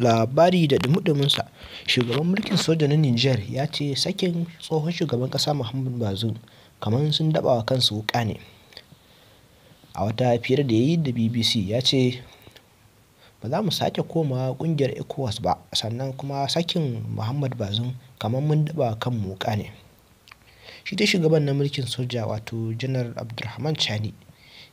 Labari da dumudumunsa shugaban mulkin soja na Nijar ya ce sakin tsohon shugaban ƙasa muhammadu Bazoum kamar sun daɓa wa kansu wuka ne. A wata fiye da ya yi da BBC ya ce, "Ba za mu sake koma ƙungiyar ECOWAS ba sannan kuma sakin muhammadu Bazoum kamar mun daɓa wa kanmu wuƙa ne." Shi ta shugaban na mulkin soja wato Janar abdulrahman Chani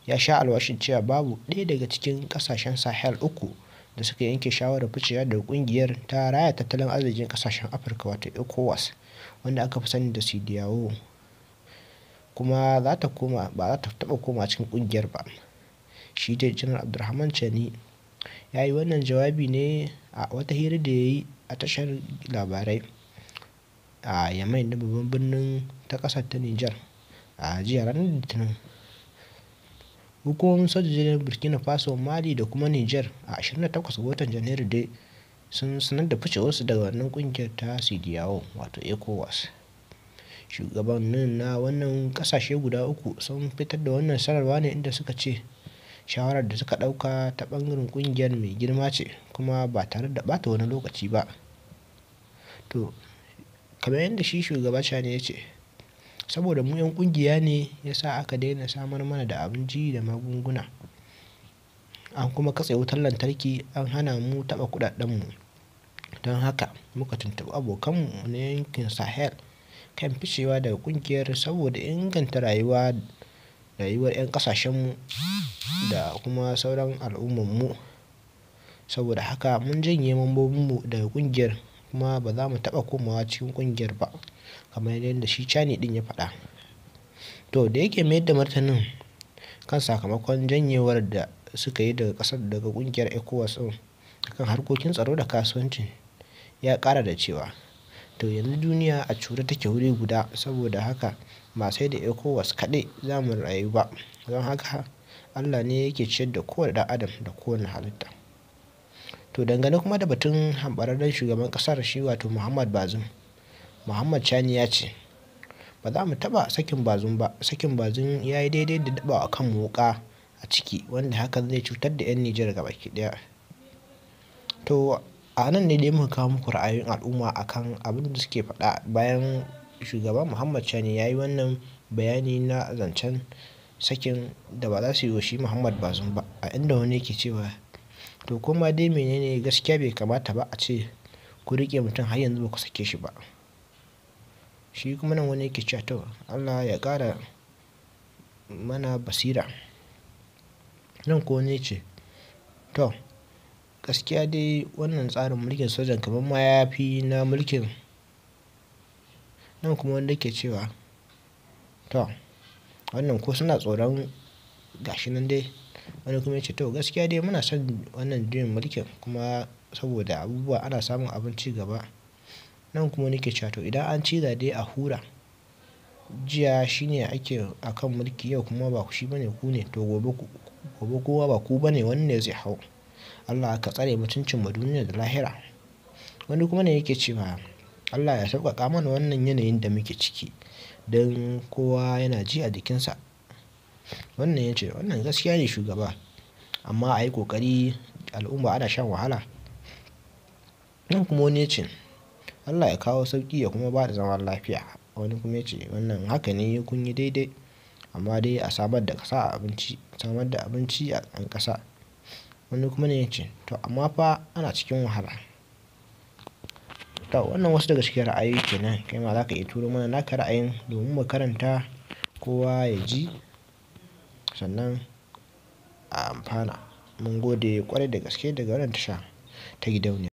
ya sha alwashin cewa babu ɗaya daga cikin ƙasashen Sahel uku da suka yanke shawarar ficewa daga kungiyar ta raya tattalin arzikin kasashen afirka wato ecowas wanda aka fi sani da cdao kuma za ta koma ba za ta taɓa koma cikin kungiyar ba shi dai janar abdulrahman chani ya yi wannan jawabi ne a wata hira da ya yi a tashar labarai a yamai na babban birnin ta kasar ta nijar a jiya ranar litinin Hukumomin sojojin Burkina Faso, Mali da kuma Niger, a 28 ga watan Janairu dai sun sanar da ficewarsu daga wannan kungiyar ta cdao wato ECOWAS. Shugabannin na wannan kasashe guda uku sun fitar da wannan sanarwa ne inda suka ce shawarar da suka ɗauka ta bangaren ƙungiyar mai girma ce kuma ba tare da bata wani lokaci ba. To, kamar yadda shi shugaba ne ya ce, saboda mu 'yan kungiya ne ya sa aka daina samar mana da abinci da magunguna. An kuma katse wutar lantarki an hana mu taɓa mu Don haka muka tuntuɓi abokanmu na yankin Sahel kan ficewa daga kungiyar saboda inganta rayuwa, rayuwar 'yan kasashenmu da kuma sauran mu Saboda haka mun janye mambobinmu daga kungiyar. kuma ba za mu taɓa komawa cikin ƙungiyar ba kamar yadda shi cani ɗin ya faɗa. To da yake mayar da martanin kan sakamakon janyewar da suka yi daga ƙasar daga ƙungiyar ECOWAS ɗin kan harkokin tsaro da kasuwanci ya ƙara da cewa to yanzu duniya a cure take wuri guda saboda haka ba sai da ECOWAS kaɗai za mu rayu ba don haka Allah ne yake ciyar da kowane ɗan adam da kowane halitta. to dangane kuma da batun hambararren shugaban kasar shi wato muhammad bazum muhammad chani ya ce ba za mu taba sakin bazum ba sakin bazum ya yi daidai da daba a kan wuka a ciki wanda hakan zai cutar da 'yan nijar gaba ki daya to a nan ne dai muka kawo muku ra'ayin al'umma akan abin da suke faɗa bayan shugaban muhammad chani ya yi wannan bayani na zancen sakin da ba za su yi wa shi muhammad bazum ba a inda wani yake cewa To kuma dai menene gaskiya bai kamata ba a ce ku riƙe mutum har yanzu ba ku sake shi ba. Shi kuma nan wani yake cewa to Allah ya ƙara mana basira. Nan ko wani ce? to gaskiya dai wannan tsarin mulkin sojan kamar ma ya fi na mulkin. Nan kuma wanda ke cewa to wannan ko suna tsoron gashi nan dai. Wani kuma ya ce to gaskiya dai muna son wannan juyin mulkin kuma saboda abubuwa ana samun abin ci gaba. Nan kuma nake cewa to idan an ciza dai a hura. Jiya shine ake a mulki yau kuma ba shi bane ku ne to gobe gobe kowa ba ku bane wani ne zai hau. Allah ka tsare mutuncin mu duniya da lahira. Wani kuma ne yake cewa Allah ya sauƙaƙa mana wannan yanayin da muke ciki don kowa yana ji a jikinsa. Wannan ya ce wannan gaskiya ne shugaba amma a yi ƙoƙari al'umma ana shan wahala. Nan kuma wani ya ce Allah ya kawo sauƙi ya kuma ba da zaman lafiya. Wani kuma ya ce wannan haka ne ya kunyi daidai amma dai a samar da ƙasa abinci, samar da abinci a ƙasa. Wani kuma ne ya ce to amma fa ana cikin wahala. To wannan wasu daga cikin ra'ayoyi kenan nan. Kai ma za ka iya turo mana naka ra'ayin domin mu karanta kowa ya ji. sannan a amfana. Mun gode kwarai da gaske daga wannan tasha ta gidauniya.